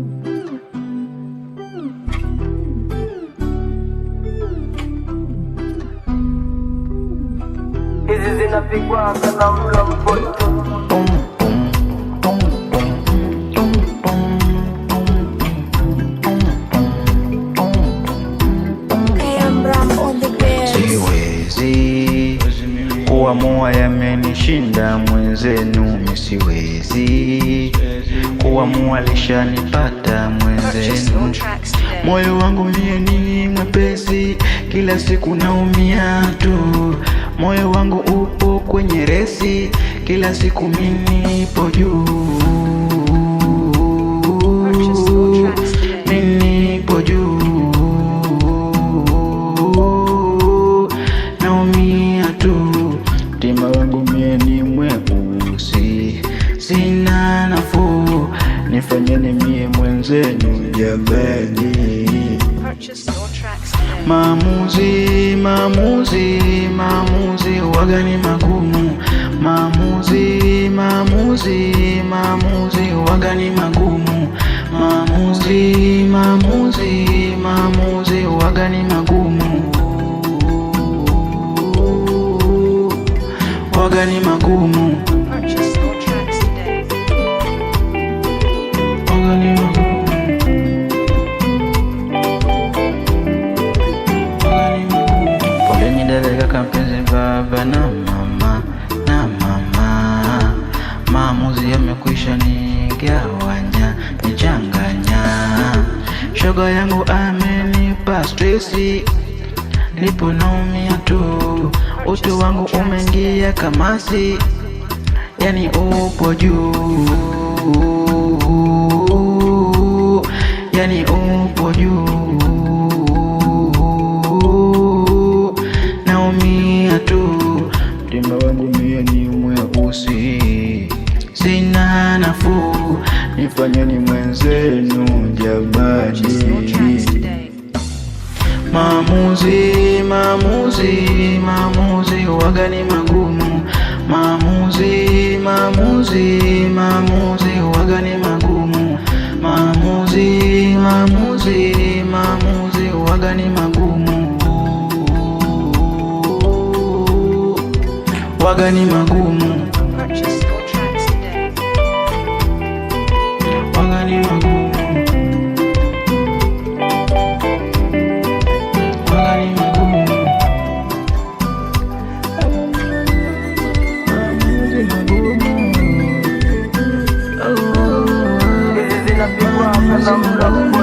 This Hizi zinapigwa kalamu la mpoto kuamua yamenishinda mwenzenu misiwezi kuamua lishanipata mwenzenu moyo wangu mie ni mwepesi kila siku naumia tu moyo wangu upo kwenye resi kila siku minipo juu Tima wangu mie ni mweusi, sina nafuu, nifanyeni mie mwenzenu jamani. Maamuzi, maamuzi, maamuzi waga ni magumu. Maamuzi, maamuzi, maamuzi waga ni magumu. Maamuzi yoga magumu. Poleni baba na mama na mama, maamuzi yamekwisha nigawanya nichanganya, shoga yangu amenipa stresi, nipo naumia tu utu wangu umeingia kamasi, yani upo juu, yani upo juu, naumia tu, mtima wangu mie ni mweusi, sina nafuu, nifanyeni mwenzenu jamani, maamuzi maamuzi, maamuzi waga ni magumu, maamuzi, maamuzi, maamuzi waga ni magumu, maamuzi, maamuzi, maamuzi waga ni magumu, waga ni magumu from